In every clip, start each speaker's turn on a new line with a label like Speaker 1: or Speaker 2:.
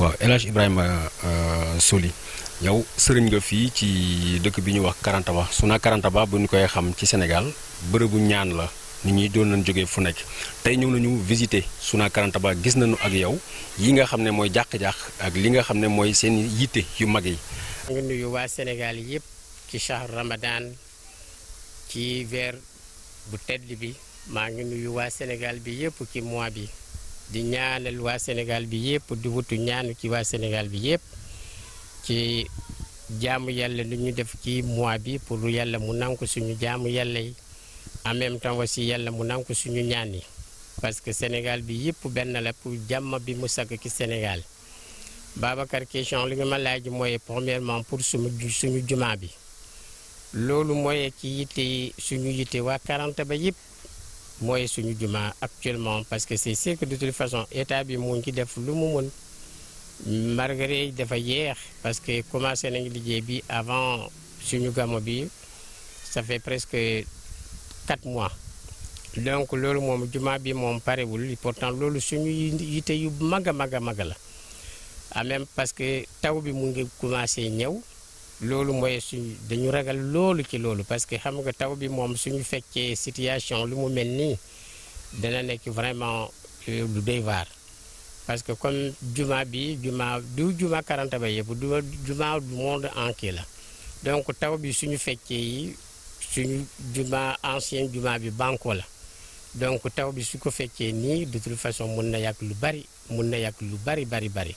Speaker 1: waaw El Hadj Ibrahima euh, Soli yow sëriñ nga fii ci dëkk bi ñuy wax Karantaba su naa ba bu ñu koy xam ci senegal bërëbu ñaan la nit ñi doon nañ jóge fu nekk tey ñëw nañu visiter Suna Karantaba gis nañu ak yow yi nga xam ne mooy jàq-jàq ak li nga xam ne mooy seen yitte yu mag yi.
Speaker 2: nga nuyu waa Sénégal yëpp ci shahr Ramadan ci ver bu tedd bi maa ngi nuyu waa Sénégal bi yëpp ci mois bi. di ñaanal waa Sénégal bi yépp di wutu ñaan ci waa Sénégal bi yépp ci jaamu yàlla lu ñu def ci mois bi pour yàlla mu nank suñu jaamu yàlla yi en même temps aussi yàlla mu nank suñu ñaan yi parce que Sénégal bi yépp benn la pour jàmm bi mu sàkk ci Sénégal Babacar question li nga ma laaj mooy premièrement pour suñu suñu jumaa bi loolu mooy ci yitte suñu yitte waa quarante ba yépp moy suñu jumaa actuellement parce que c'est sûr que de toute façon état bi mu ngi def lu mu mën malgré dafa yeex parce que commencé nañu liggéey bi avant suñu gàmmu bi ça fait presque quatre mois donc lolu mom jumaa bi moom parewul pourtant lolu suñu yité yu mag a maga, maga, magala. la ah, même parce que taw bi mu ngi commencé ñew loolu mooy suñu dañu ragal loolu ci loolu parce que xam nga taw bi suñu situation lu mu mel nii dana nekk vraiment euh, le doy parce que comme juma bi juma du juma ma ba du juma du monde entier la donc taw bi suñu yi suñu juma ancien juma bi banko la donc taw bi su ko de toute façon mun na yàq lu bari mun na lu bari bari bari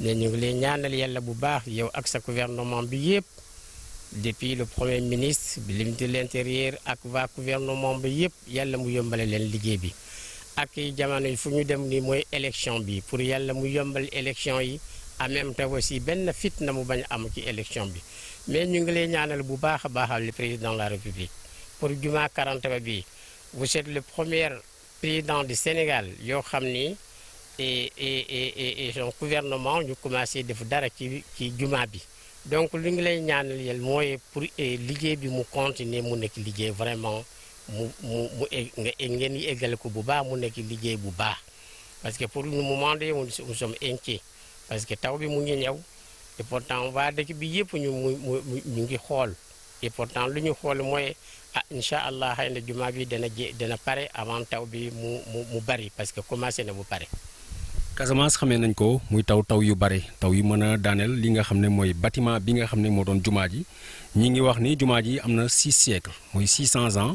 Speaker 2: ne ñu ngi lay ñaanal yàlla bu baax yow ak sa gouvernement bi yépp depuis le premier ministre bi ministre de l'intérieur ak waa gouvernement bi yépp yàlla mu yombale leen liggéey bi ak jamono yi fu ñu dem ni mooy élection bi pour yàlla mu yombal élection yi en même temps aussi benn fitna mu bañ am ci élection bi mais ñu ngi lay ñaanal bu baax a baaxal le président de la république pour juma 40 bi vous êtes le premier président du Sénégal yoo xam ni et et gouvernement ñu commencé def dara ci ci bi donc ngi lay ñaanal yel continuer mu vraiment mu eh, eh, parce que pour nous moment nous sommes inquiets parce que taw bi mu et pourtant nous dëkk bi ñu et pourtant lu ñu ah, avant taw parce que commencé na bu paré
Speaker 1: Casamance xamee nañ ko muy taw taw yu bare taw yu mën a daaneel li nga xam ne mooy bâtiment bi nga xam ne moo doon jumaa ji ñi ngi wax ni jumaa ji am na six siècles mooy six cents ans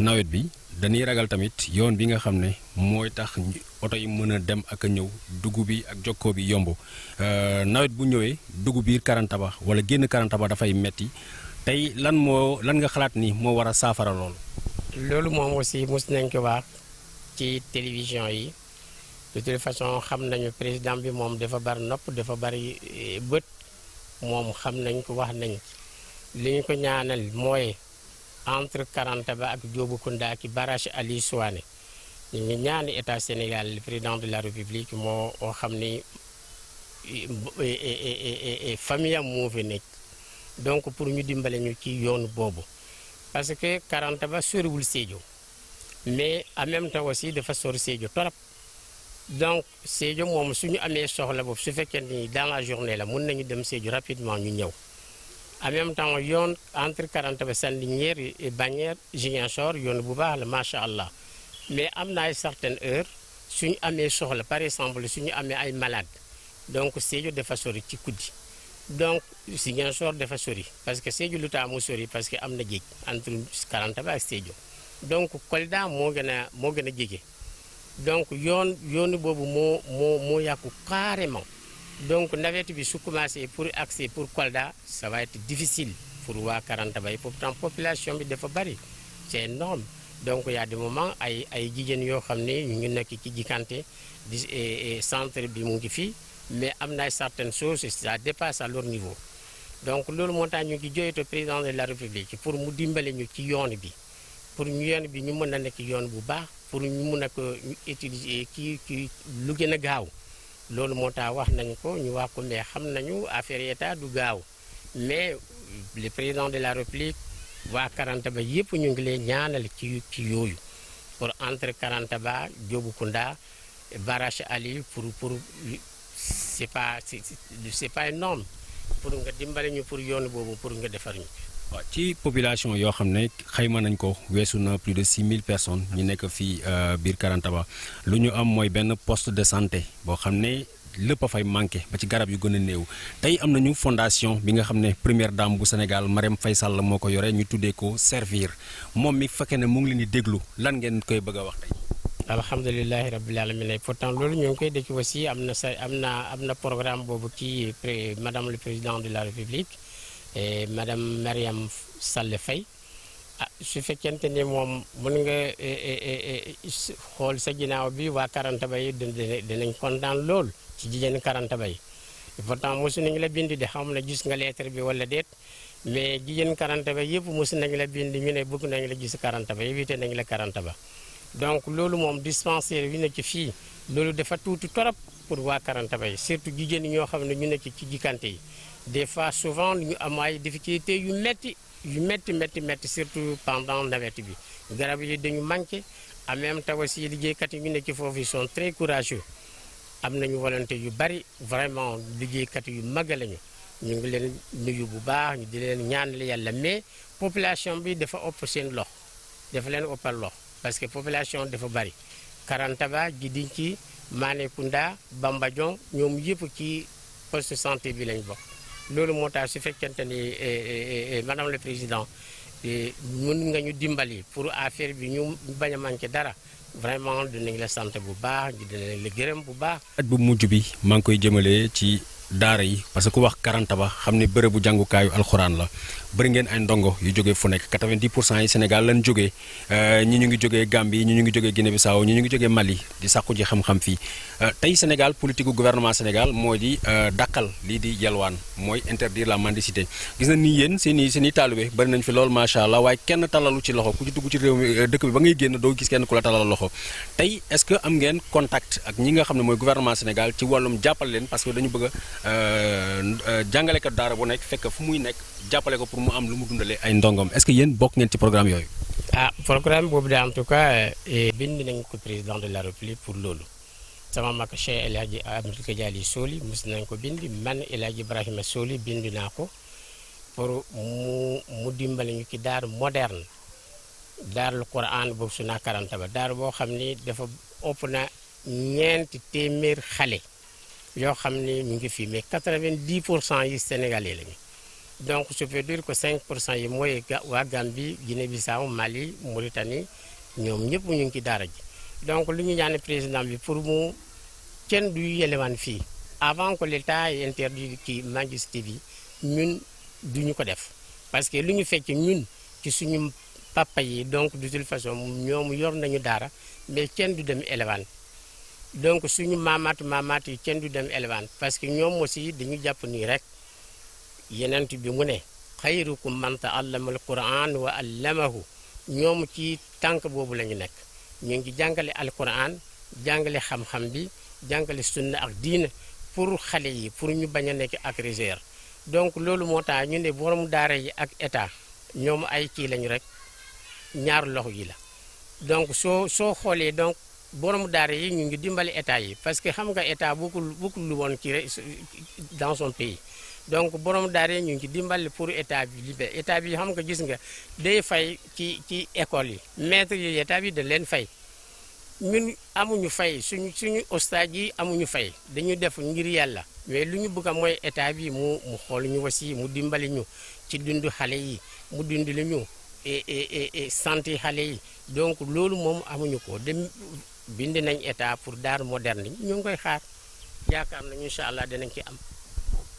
Speaker 1: nawet bi dañuy ragal tamit yoon bi nga xam ne mooy tax oto yi mën a dem ak a ñëw dugg bi ak jokkoo bi yomb euh, nawet bu ñëwee dugg biir ba wala génn Karantaba dafay metti tey lan moo lan nga xalaat ni moo war a saafara loolu.
Speaker 2: loolu moom aussi mos nañ ko wax ci télévision yi de toute façon xam nañu président bi moom dafa bari nopp dafa bari eh, bët moom xam nañ ko wax nañ li ñu ko ñaanal mooy. entre Karantaba ak Dioboukounda ak barrage Ali Souané ñu ngi ñaan état Sénégal le président de la république moo oo xam ni e, e, e, famille am moo fi nekk donc pour ñu dimbale ñu ci yoon boobu parce que Karantaba soriwul Sédhiou mais en même temps aussi dafa sori Sédhiou torop donc Sédhiou moom su ñu amee soxla boobu su fekkee ni dans la journée la mun nañu dem Sédhiou rapidement ñu ñëw en même temps entre et et Sandinière Bagnères un yoon bu baax la macha allah mais à certaines ay certaines heures suñu un soxla par exemple suñu amee ay malade donc de dafa ci guddi donc Ziguinchor de parce que c'est parce que Parce entre a donc a donc carrément donc navette bi su commencé pour accès pour Kolda ça va être difficile pour wa Karantaba bay pourtant population bi dafa bari c'est énorme donc il y a des moments ay ay jigéen yo xamné ñu ngi nekk ci Jikante et centre bi mu ngi fi mais am certaines choses ça dépasse à leur niveau donc loolu moo ñu ngi joytu président de la république pour mu dimbalé ñu ci yoon bi pour ñu yoon bi ñu mëna a nekk yoon bu baax pour ñu mëna ko utiliser qui qui lu gën gaaw. loolu moo tax wax nañ ko ñu wax ko xam nañu affaire état du gaaw mais le président de la république waa Karantaba yëpp ñu ngi leen ñaanal ci ci yooyu pour entre Karantaba Dioboukounda Barach Ali pour pour c'est pas c'est pas énorme pour nga dimbali ñu pour yoon boobu pour nga defar
Speaker 1: ci population yoo xam ne xayma nañ ko weesu na plus de 6 000 personnes ñu nekk fii euh, biir Karantaba lu ñu am mooy benn poste de santé boo xam ne lépp a fay manqué ba ci garab yu gën a néew tey am nañu fondation bi nga xam ne première dame bu Sénégal Mariam Faye Sall moo ko yore ñu tuddee ko servir moom mi fekkee ne mu ngi leen di déglu lan ngeen koy bëgg a wax tey.
Speaker 2: alhamdulilahi rabbil alamin pourtant loolu ñoo ngi koy dëkk aussi am na sa am na am na programme boobu ci madame le président de la république. Eh, madame Mariam Sall Faye ah su fekkente ni moom mun nga eh, eh, xool sa ginnaaw bii waa Karantaba yi dinañ kontaan lool ci jigéen Karantaba yi pourtant mosu nañ la bindi di xam ne gis nga lettre bi wala déet mais jigéen Karantaba yëpp mosu nañ la bind ñu ne bëgg nañ la gis Karantaba évité nañ la Karantaba donc loolu moom dispensaire yu ci fii loolu dafa tuuti torop pour waa Karantaba yi surtout jigéen ñoo xam ne ñu nekk ci jikkante yi des fois souvent ñu am ay difficulté yu metti yu metti metti metti surtout pendant nawet bi garab yi dañu manqué en même temps aussi liggéeykat yi ñu nekk foofu ils sont très courageux am nañu volonté yu bari vraiment liggéeykat yu mag lañu ñu ngi leen nuyu bu baax ñu di leen ñaanal yàlla mais population bi dafa ëpp seen lox dafa leen ëppal lox parce que population dafa bari 40 Karantaba Jidinki Mané Kunda Bamba Diong ñoom yëpp ci poste santé bi lañ bokk loolu moo tax su fekkente ni eh, eh, eh, madame le président mën nga ñu dimbali pour affaire bi ñu bañ a manqué dara vraiment dinañ la sant bu baax dinañ la gërëm bu baax.
Speaker 1: at bu mujj bi maa ngi koy jëmale ci. daara yi parce que ku wax Karantaba xam ne bërëbu jàngukaayu alxuraan la bëri ngeen ay ndongo yu jógee fu nekk 90 pour cent yi Sénégal lañ jógee euh, ñi ñu ngi jógee Gambie ñi ñu ngi jógee Guinée Bissau ñi ñu ngi jógee Mali di sàkku ji xam-xam fii euh, tey Sénégal politique gu gouvernement Sénégal moo di euh, dàkkal lii di yelwaan mooy interdire la mendicité gis nañ ni yéen seen i seen i fi lool macha allah waaye kenn talalu ci loxo ku ci dugg ci réew mi dëkk bi ba ngay génn doo gis kenn ku la talal loxo tey est-ce que contact ak ñi nga xam ne mooy gouvernement Sénégal ci wàllum jàppal leen parce que dañu Euh, euh, jàngalekat daar bu nekk fekk fu muy nekk jàppale ko pour mu am lu mu dundalee ay ndongom est-ce que yéen bokk ngeen ci programme yooyu.
Speaker 2: ah programme boobu de en tout cas eh, bind nañ ko président de la république pour loolu sama mag Cheikh El Hadj Abdoul Kadiali Soli mos nañ ko bind man El Hadj Ibrahima Soli bind naa ko pour mu mu dimbali ñu ci daar moderne daarul Quran boobu su naa karanta ba daar boo xam ni dafa ëpp na ñeenti téeméer xale. yoo xam ne ñu ngi fi mais 90 pour cent yi sénégalais lañu donc je peux dire que 5 pour cent yi mooy waa Gambie Guinée Bissau Mali Mauritanie ñoom ñëpp ñu ngi ci daara ji donc lu ñu ñaane président bi pour mu kenn du yelewaan fii avant que l'état interdit ci Mandius TV ñun duñu ko def parce que lu ñu fekk ñun ci suñu papa yi donc de toute façon ñoom yor nañu daara mais kenn du dem yelewaan donc suñu maamaatu maamaat yi kenn du dem élevage parce que ñoom aussi dañu jàpp nii rek yenent bi mu ne xayrukum man taallama alquran wa allamahu ñoom ci tànk boobu la ñu nekk ñu ngi jàngale alquran jàngale xam-xam bi jàngale sunna ak diina pour xale yi pour ñu bañ a nekk ak réserve donc loolu moo tax ñu ne borom daare yi ak état ñoom ay kii lañu rek ñaar loxo yi la donc soo xoolee donc borom daara yi ñu ngi dimbali état yi parce que xam nga état bokkul bokkul lu woon ci dans son pays donc borom daara yi ñu ngi dimbali pour état bi libé état bi xam nga gis nga day fay ci ci école yi maître yi état bi da leen fay ñun amuñu fay suñu suñu ostaaj yi amuñu fay dañu def ngir yàlla mais lu ñu bëgg mooy état bi mu mu xool ñu aussi mu dimbali ñu ci dund xale yi mu dund li ñu santé xale yi donc loolu moom amuñu ko dem bind nañ état pour daar moderne yi ñu ngi koy xaar yaakaar nañu incha allah dinañ ci am.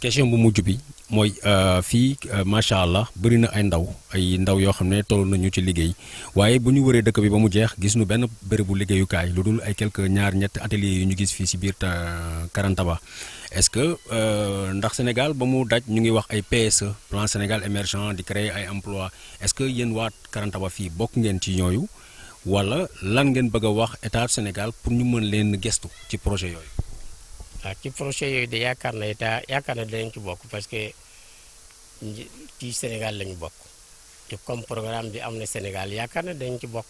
Speaker 1: question bu mujj bi mooy euh, fii euh, macha allah bëri na ay ndaw ay ndaw yoo xam ne toll nañu ci liggéey waaye bu ñu waree dëkk bi ba mu jeex gis nu benn bërëbu liggéeyukaay lu dul ay quelque ñaar ñetti atelier yu ñu gis fii si biir euh, Karantaba est-ce que ndax Sénégal ba mu daj ñu ngi wax ay PSE plan Sénégal émergent di créer ay emploi est-ce que yéen waa Karantaba fii bokk ngeen ci ñooyu wala lan ngeen bëgg a wax état Sénégal pour ñu mën leen gestu ci projet yooyu.
Speaker 2: waaw ah, ci projet yooyu de yaakaar na état yaakaar na dinañ ci bokk parce que ci Sénégal la bokk ci comme programme bi am na Sénégal yaakaar na dañ ci bokk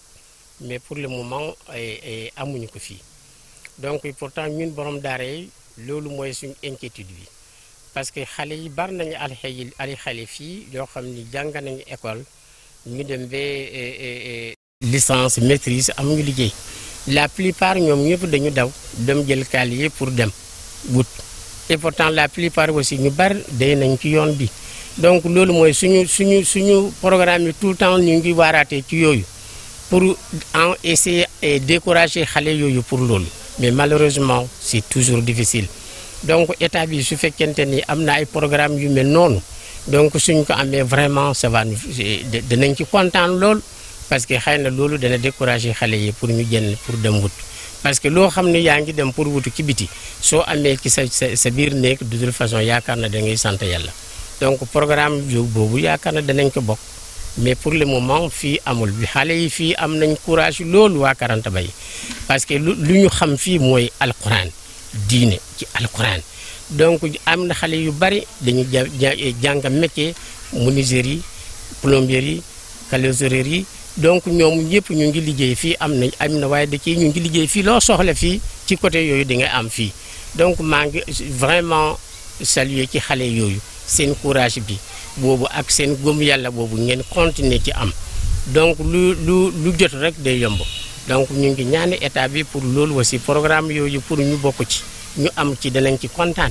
Speaker 2: mais pour le moment ay amuñu ko fii donc pourtant ñun borom daara yi loolu mooy suñu inquiétude bi. parce que xale yi bari nañu ali xale fii yoo xam ni jàng nañu école ñu dem ba eh, eh, eh, licence maîtrise amuñu liggéey la plupart ñoom ñëpp dañu daw dem jël calier pour dem wut et pourtant la plupart aussi ñu bari day nañ ci yoon bi donc loolu mooy suñu suñu suñu programme yi tout le temps ñu ngi waaraatee ci yooyu pour en essayer et décourager xale yooyu pour loolu mais malheureusement c'est toujours difficile donc état bi su fekkente ni am na ay programme yu mel noonu donc suñ ko amee vraiment ça va danañ ci kontaan lool parce que xëy na loolu dana décourager xale yi pour ñu génn pour dem wut parce que loo xam ne yaa ngi dem pour wutu ki biti soo amee ki sa sa sa biir néeg de toute façon yaakaar na da ngay sant yàlla donc programme boobu yaakaar na danañ ko bokk mais pour le moment fii amul bi xale yi fii am nañ courage loolu waa Karanta Bay parce que lu ñu xam fii mooy alquran diine ci alquran donc am na xale yu bari dañu jàng métier mekkee menuisier yi plombier yi calosurier yi donc ñoomu ñëpp ñu ngi liggéey fii am nañ am na waaye di ciy ñu ngi liggéey fii loo soxla fii ci côté yooyu di am fii donc maa ngi vraiment saluer ci xale yooyu seen courage bi boobu ak seen gëm yàlla boobu ngeen continuer ci am donc lu lu lu jot rek day yomb donc ñu ngi ñaani état bi pour loolu aussi programme yooyu pour ñu bokku ci ñu am ci danañ ci kontaan.